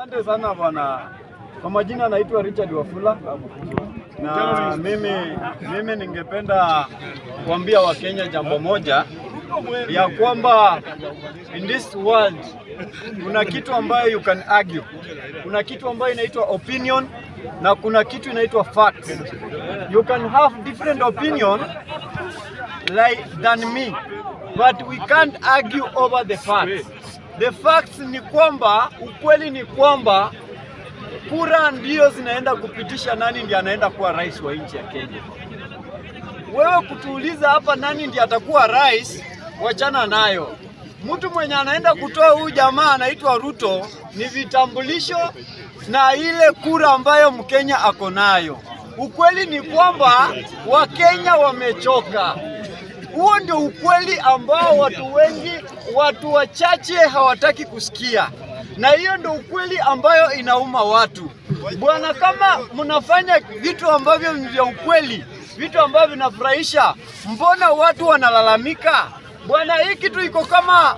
Asante sana bwana. Kwa majina anaitwa Richard Wafula na mimi, mimi ningependa kuambia Wakenya jambo moja ya kwamba in this world kuna kitu ambayo you can argue, kuna kitu ambayo inaitwa opinion na kuna kitu inaitwa facts. You can have different opinion like than me but we can't argue over the facts. The facts ni kwamba, ukweli ni kwamba kura ndio zinaenda kupitisha nani ndiye anaenda kuwa rais wa nchi ya Kenya. Wewe kutuuliza hapa nani ndiye atakuwa rais, wachana nayo. Mtu mwenye anaenda kutoa huyu jamaa anaitwa Ruto ni vitambulisho na ile kura ambayo Mkenya ako nayo. Ukweli ni kwamba Wakenya wamechoka. Huo ndio ukweli ambao watu wengi, watu wachache hawataki kusikia, na hiyo ndio ukweli ambayo inauma watu bwana. Kama mnafanya vitu ambavyo ni vya ukweli, vitu ambavyo vinafurahisha, mbona watu wanalalamika bwana? Hii kitu iko kama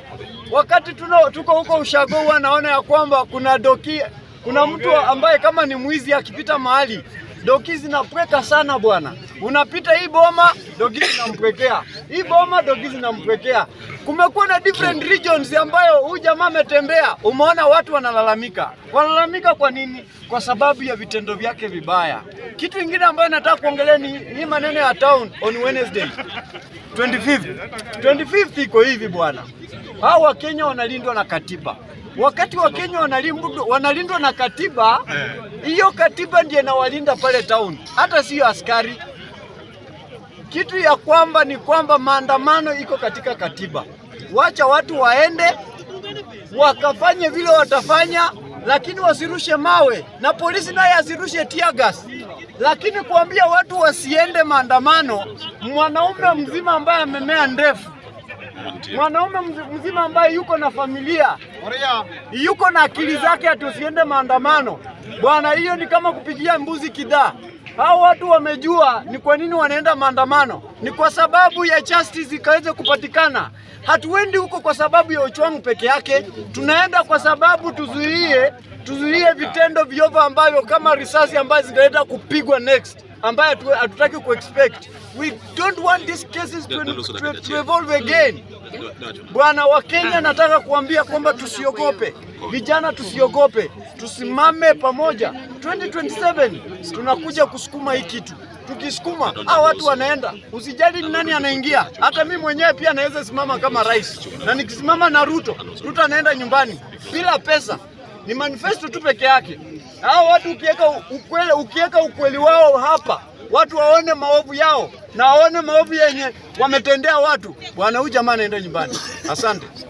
wakati tuno, tuko huko ushago, wanaona ya kwamba kuna doki, kuna mtu ambaye kama ni mwizi akipita mahali doki zinapweka sana bwana, unapita hii boma doki zinampwekea, hii boma doki zinampwekea. Kumekuwa na different regions ambayo huyu jamaa ametembea, umeona watu wanalalamika. Wanalalamika kwa nini? Kwa sababu ya vitendo vyake vibaya. Kitu kingine ambayo nataka kuongelea ni hii maneno ya town on Wednesday 25th. 25th iko hivi bwana, hao Wakenya wanalindwa na katiba wakati wa Kenya wanalindwa na katiba eh. Hiyo katiba ndiye nawalinda pale town, hata siyo askari. Kitu ya kwamba ni kwamba maandamano iko katika katiba, wacha watu waende wakafanye vile watafanya, lakini wasirushe mawe na polisi naye asirushe tiagas. Lakini kuambia watu wasiende maandamano, mwanaume mzima ambaye amemea ndefu, mwanaume mzima ambaye yuko na familia, yuko na akili zake, ati usiende maandamano Bwana, hiyo ni kama kupigia mbuzi kidaa. Hao watu wamejua ni kwa nini wanaenda maandamano, ni kwa sababu ya justice ikaweze kupatikana. Hatuendi huko kwa sababu ya uchwangu peke yake, tunaenda kwa sababu tuzuie, tuzuie vitendo viovu ambavyo kama risasi ambazo zitaenda kupigwa next ambayo hatutaki expect. We don't want these cases to, to, to evolve again. Bwana wa Kenya, nataka kuambia kwamba tusiogope, vijana tusiogope, tusimame pamoja. 2027 tunakuja kusukuma hii kitu tukisukuma hao watu wanaenda, usijali ni nani anaingia. Hata mimi mwenyewe pia naweza simama kama rais, na nikisimama na Ruto, Ruto anaenda nyumbani bila pesa ni manifesto tu peke yake. Hao watu ukiweka ukweli, ukiweka ukweli wao hapa, watu waone maovu yao na waone maovu yenye wametendea watu, bwana huyu jamaa anaenda nyumbani. Asante.